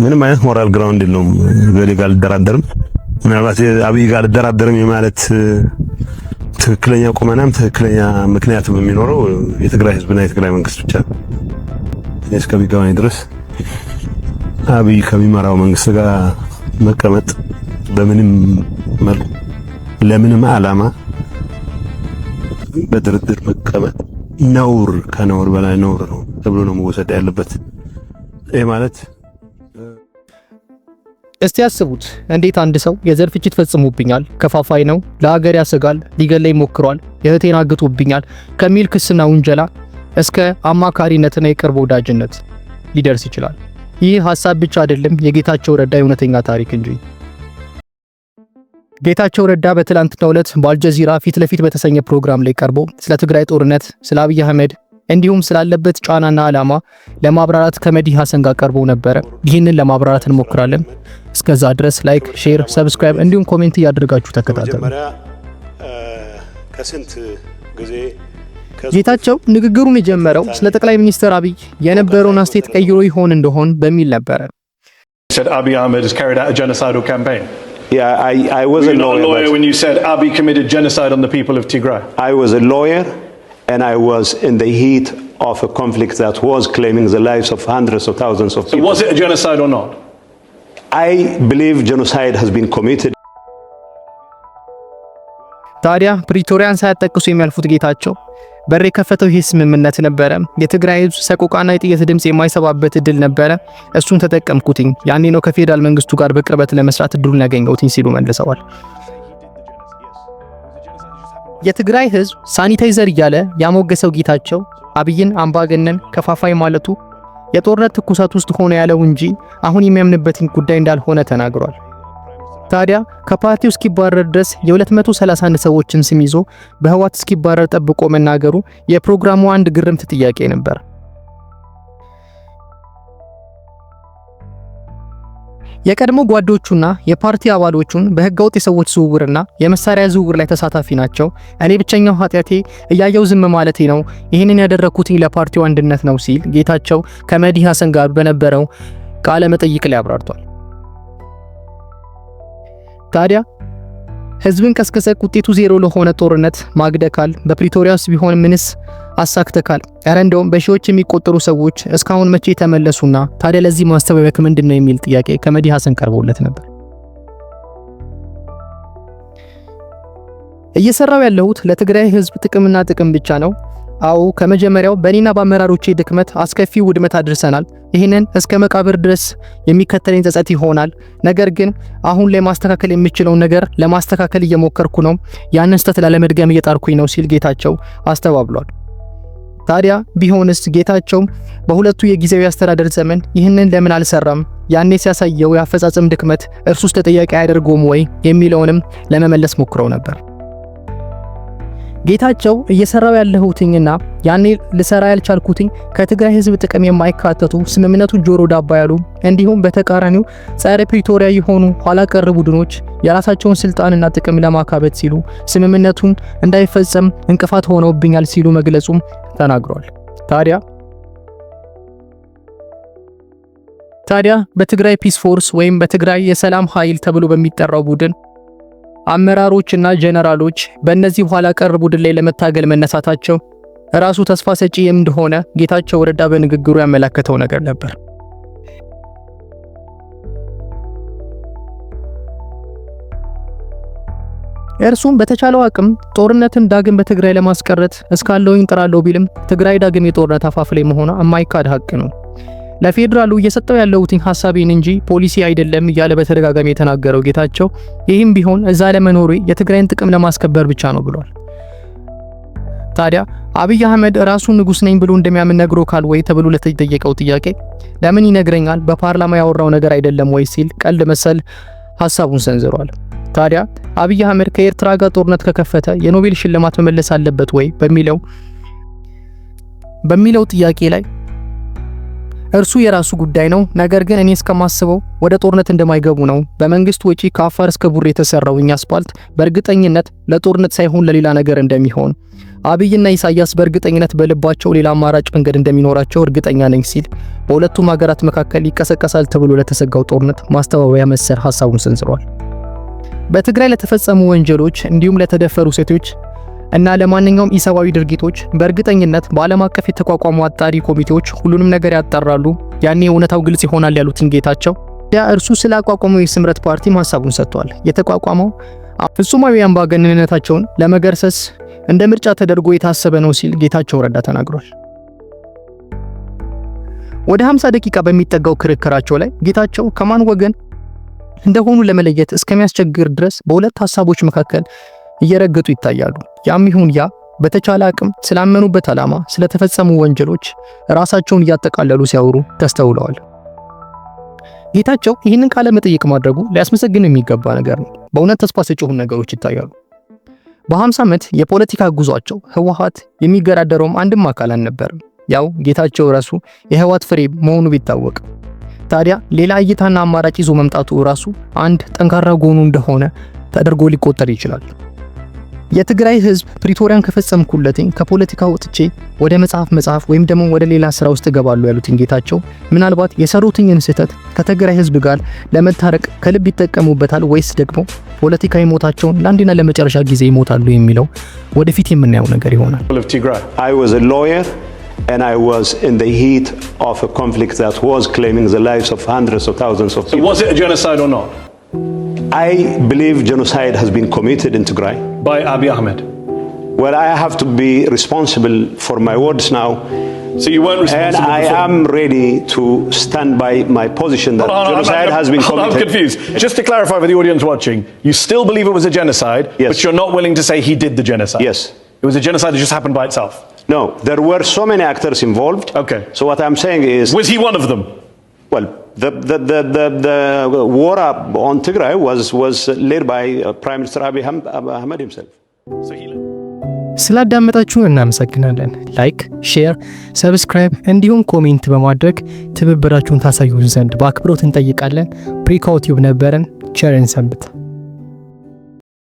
ምንም አይነት ሞራል ግራውንድ የለውም። በሌ ጋር አልደራደርም። ምናልባት አብይ ጋር አልደራደርም የማለት ትክክለኛ ቁመናም ትክክለኛ ምክንያትም የሚኖረው የትግራይ ህዝብና የትግራይ መንግስት ብቻ ነው። እስከሚገባኝ ድረስ አብይ ከሚመራው መንግስት ጋር መቀመጥ በምንም መልኩ ለምንም አላማ በድርድር መቀመጥ ነውር ከነውር በላይ ነውር ነው ተብሎ ነው መወሰድ ያለበት። ይህ ማለት እስቲ ያስቡት፣ እንዴት አንድ ሰው የዘር ፍጅት ፈጽሞብኛል፣ ከፋፋይ ነው፣ ለሀገር ያሰጋል፣ ሊገለኝ ሞክሯል፣ እህቴን አግቶብኛል ከሚል ክስና ውንጀላ እስከ አማካሪነትና የቅርብ ወዳጅነት ሊደርስ ይችላል። ይህ ሀሳብ ብቻ አይደለም የጌታቸው ረዳ እውነተኛ ታሪክ እንጂ ጌታቸው ረዳ በትላንትናው ዕለት በአልጀዚራ ፊት ለፊት በተሰኘ ፕሮግራም ላይ ቀርቦ ስለ ትግራይ ጦርነት፣ ስለ አብይ አህመድ እንዲሁም ስላለበት ጫናና ዓላማ ለማብራራት ከመዲ ሐሰን ጋር ቀርቦ ነበረ። ይህንን ለማብራራት እንሞክራለን። እስከዛ ድረስ ላይክ፣ ሼር፣ ሰብስክራይብ እንዲሁም ኮሜንት እያደረጋችሁ ተከታተሉ። ጌታቸው ንግግሩን የጀመረው ስለ ጠቅላይ ሚኒስትር አብይ የነበረውን አስተያየት ቀይሮ ይሆን እንደሆን በሚል ነበረ። Yeah, I, I was Were a lawyer. a lawyer when you said Abiy committed genocide on the people of Tigray? I was a lawyer, and I was in the heat of a conflict that was claiming the lives of hundreds of thousands of people. So was it a genocide or not? I believe genocide has been committed. ታዲያ ፕሪቶሪያን ሳያጠቅሱ የሚያልፉት ጌታቸው በር የከፈተው ይህ ስምምነት ነበረ። የትግራይ ህዝብ ሰቆቃና የጥይት ድምፅ የማይሰባበት እድል ነበረ። እሱን ተጠቀምኩትኝ። ያኔ ነው ከፌዴራል መንግስቱ ጋር በቅርበት ለመስራት እድሉን ያገኘሁትኝ ሲሉ መልሰዋል። የትግራይ ህዝብ ሳኒታይዘር እያለ ያሞገሰው ጌታቸው አብይን አምባገነን ከፋፋይ ማለቱ የጦርነት ትኩሳት ውስጥ ሆነ ያለው እንጂ አሁን የሚያምንበትን ጉዳይ እንዳልሆነ ተናግሯል። ታዲያ ከፓርቲው እስኪባረር ድረስ የ231 ሰዎችን ስም ይዞ በህዋት እስኪባረር ጠብቆ መናገሩ የፕሮግራሙ አንድ ግርምት ጥያቄ ነበር። የቀድሞ ጓዶቹና የፓርቲ አባሎቹን በህገ ወጥ የሰዎች ዝውውርና የመሳሪያ ዝውውር ላይ ተሳታፊ ናቸው። እኔ ብቸኛው ኃጢአቴ እያየው ዝም ማለቴ ነው። ይህንን ያደረኩትኝ ለፓርቲው አንድነት ነው ሲል ጌታቸው ከመዲህ ሀሰን ጋር በነበረው ቃለ መጠይቅ ላይ አብራርቷል። ታዲያ ህዝብን ቀስቀሰ ውጤቱ ዜሮ ለሆነ ጦርነት ማግደካል። በፕሪቶሪያስ ቢሆን ምንስ አሳክተካል? እረ እንደውም በሺዎች የሚቆጠሩ ሰዎች እስካሁን መቼ ተመለሱና? ታዲያ ለዚህ ማስተባበክ ምንድን ነው የሚል ጥያቄ ከመዲ ሀሰን ቀርቦለት ነበር። እየሰራው ያለሁት ለትግራይ ህዝብ ጥቅምና ጥቅም ብቻ ነው። አዎ ከመጀመሪያው በእኔና በአመራሮቼ ድክመት አስከፊ ውድመት አድርሰናል። ይህንን እስከ መቃብር ድረስ የሚከተለኝ ጸጸት ይሆናል። ነገር ግን አሁን ላይ ማስተካከል የምችለውን ነገር ለማስተካከል እየሞከርኩ ነው። ያንን ስህተት ላለመድገም እየጣርኩኝ ነው ሲል ጌታቸው አስተባብሏል። ታዲያ ቢሆንስ ጌታቸው በሁለቱ የጊዜያዊ አስተዳደር ዘመን ይህንን ለምን አልሰራም? ያኔ ሲያሳየው የአፈጻጸም ድክመት እርሱስ ተጠያቂ አያደርገውም ወይ? የሚለውንም ለመመለስ ሞክረው ነበር። ጌታቸው እየሰራው ያለሁትኝና ያኔ ልሰራ ያልቻልኩትኝ ከትግራይ ህዝብ ጥቅም የማይካተቱ ስምምነቱ ጆሮ ዳባ ያሉ እንዲሁም በተቃራኒው ጸረ ፕሪቶሪያ የሆኑ ኋላ ቀር ቡድኖች የራሳቸውን ስልጣንና ጥቅም ለማካበት ሲሉ ስምምነቱን እንዳይፈጸም እንቅፋት ሆነውብኛል ሲሉ መግለጹም ተናግሯል። ታዲያ ታዲያ በትግራይ ፒስ ፎርስ ወይም በትግራይ የሰላም ኃይል ተብሎ በሚጠራው ቡድን አመራሮችና ጄኔራሎች በእነዚህ በኋላ ቀር ቡድን ላይ ለመታገል መነሳታቸው ራሱ ተስፋ ሰጪ እንደሆነ ጌታቸው ረዳ በንግግሩ ያመላከተው ነገር ነበር። እርሱም በተቻለው አቅም ጦርነትን ዳግም በትግራይ ለማስቀረት እስካለው ጥራለሁ ቢልም ትግራይ ዳግም የጦርነት አፋፍ ላይ መሆኗ የማይካድ ሀቅ ነው። ለፌዴራሉ እየሰጠው ያለውትኝ ሀሳቤን እንጂ ፖሊሲ አይደለም እያለ በተደጋጋሚ የተናገረው ጌታቸው ይህም ቢሆን እዛ ለመኖሬ የትግራይን ጥቅም ለማስከበር ብቻ ነው ብሏል። ታዲያ አብይ አህመድ ራሱ ንጉስ ነኝ ብሎ እንደሚያምን ነግሮ ካል ወይ ተብሎ ለተጠየቀው ጥያቄ ለምን ይነግረኛል በፓርላማ ያወራው ነገር አይደለም ወይ ሲል ቀልድ መሰል ሀሳቡን ሰንዝሯል። ታዲያ አብይ አህመድ ከኤርትራ ጋር ጦርነት ከከፈተ የኖቤል ሽልማት መመለስ አለበት ወይ በሚለው በሚለው ጥያቄ ላይ እርሱ የራሱ ጉዳይ ነው። ነገር ግን እኔ እስከማስበው ወደ ጦርነት እንደማይገቡ ነው። በመንግስት ወጪ ከአፋር እስከ ቡሬ የተሰራው እኛ አስፓልት በእርግጠኝነት ለጦርነት ሳይሆን ለሌላ ነገር እንደሚሆን አብይና ኢሳያስ በእርግጠኝነት በልባቸው ሌላ አማራጭ መንገድ እንደሚኖራቸው እርግጠኛ ነኝ ሲል በሁለቱም ሀገራት መካከል ይቀሰቀሳል ተብሎ ለተሰጋው ጦርነት ማስተባበያ መሰል ሀሳቡን ሰንዝሯል። በትግራይ ለተፈጸሙ ወንጀሎች እንዲሁም ለተደፈሩ ሴቶች እና ለማንኛውም ኢሰብአዊ ድርጊቶች በእርግጠኝነት በዓለም አቀፍ የተቋቋሙ አጣሪ ኮሚቴዎች ሁሉንም ነገር ያጣራሉ። ያኔ እውነታው ግልጽ ይሆናል ያሉትን ጌታቸው ያ እርሱ ስለ አቋቋመው የስምረት ፓርቲ ሀሳቡን ሰጥቷል። የተቋቋመው ፍጹማዊ አምባገነንነታቸውን ለመገርሰስ እንደ ምርጫ ተደርጎ የታሰበ ነው ሲል ጌታቸው ረዳ ተናግሯል። ወደ 50 ደቂቃ በሚጠጋው ክርክራቸው ላይ ጌታቸው ከማን ወገን እንደሆኑ ለመለየት እስከሚያስቸግር ድረስ በሁለት ሀሳቦች መካከል እየረገጡ ይታያሉ። ያም ይሁን ያ በተቻለ አቅም ስላመኑበት ዓላማ ስለተፈጸሙ ወንጀሎች ራሳቸውን እያጠቃለሉ ሲያወሩ ተስተውለዋል። ጌታቸው ይህንን ቃለ መጠይቅ ማድረጉ ሊያስመሰግን የሚገባ ነገር ነው። በእውነት ተስፋ ሰጪ ነገሮች ይታያሉ። በ50 ዓመት የፖለቲካ ጉዟቸው ህወሓት የሚገዳደረውም አንድም አካል አልነበርም። ያው ጌታቸው ራሱ የህወሓት ፍሬ መሆኑ ቢታወቅ ታዲያ ሌላ እይታና አማራጭ ይዞ መምጣቱ ራሱ አንድ ጠንካራ ጎኑ እንደሆነ ተደርጎ ሊቆጠር ይችላል። የትግራይ ህዝብ ፕሪቶሪያን ከፈጸምኩለትኝ ከፖለቲካ ወጥቼ ወደ መጽሐፍ መጽሐፍ ወይም ደግሞ ወደ ሌላ ስራ ውስጥ እገባሉ ያሉትን ጌታቸው ምናልባት የሰሩትኝን ስህተት ከትግራይ ህዝብ ጋር ለመታረቅ ከልብ ይጠቀሙበታል ወይስ ደግሞ ፖለቲካዊ ሞታቸውን ለአንድና ለመጨረሻ ጊዜ ይሞታሉ የሚለው ወደፊት የምናየው ነገር ይሆናል። I believe genocide has been committed in Tigray. By Abiy Ahmed. Well, I have to be responsible for my words now. So you weren't responsible. And I before. am ready to stand by my position that on, genocide I'm, I'm, has been committed. I'm confused. Just to clarify for the audience watching, you still believe it was a genocide, yes. but you're not willing to say he did the genocide. Yes. It was a genocide that just happened by itself. No, there were so many actors involved. Okay. So what I'm saying is. Was he one of them? Well, The, the, the, the war on Tigray was, was led by uh, Prime Minister Abiy Ahmed himself. ስላዳመጣችሁን እናመሰግናለን። ላይክ፣ ሼር፣ ሰብስክራይብ እንዲሁም ኮሜንት በማድረግ ትብብራችሁን ታሳዩን ዘንድ በአክብሮት እንጠይቃለን። ፕሪካውቲዩብ ነበረን። ቸርን ሰንብት።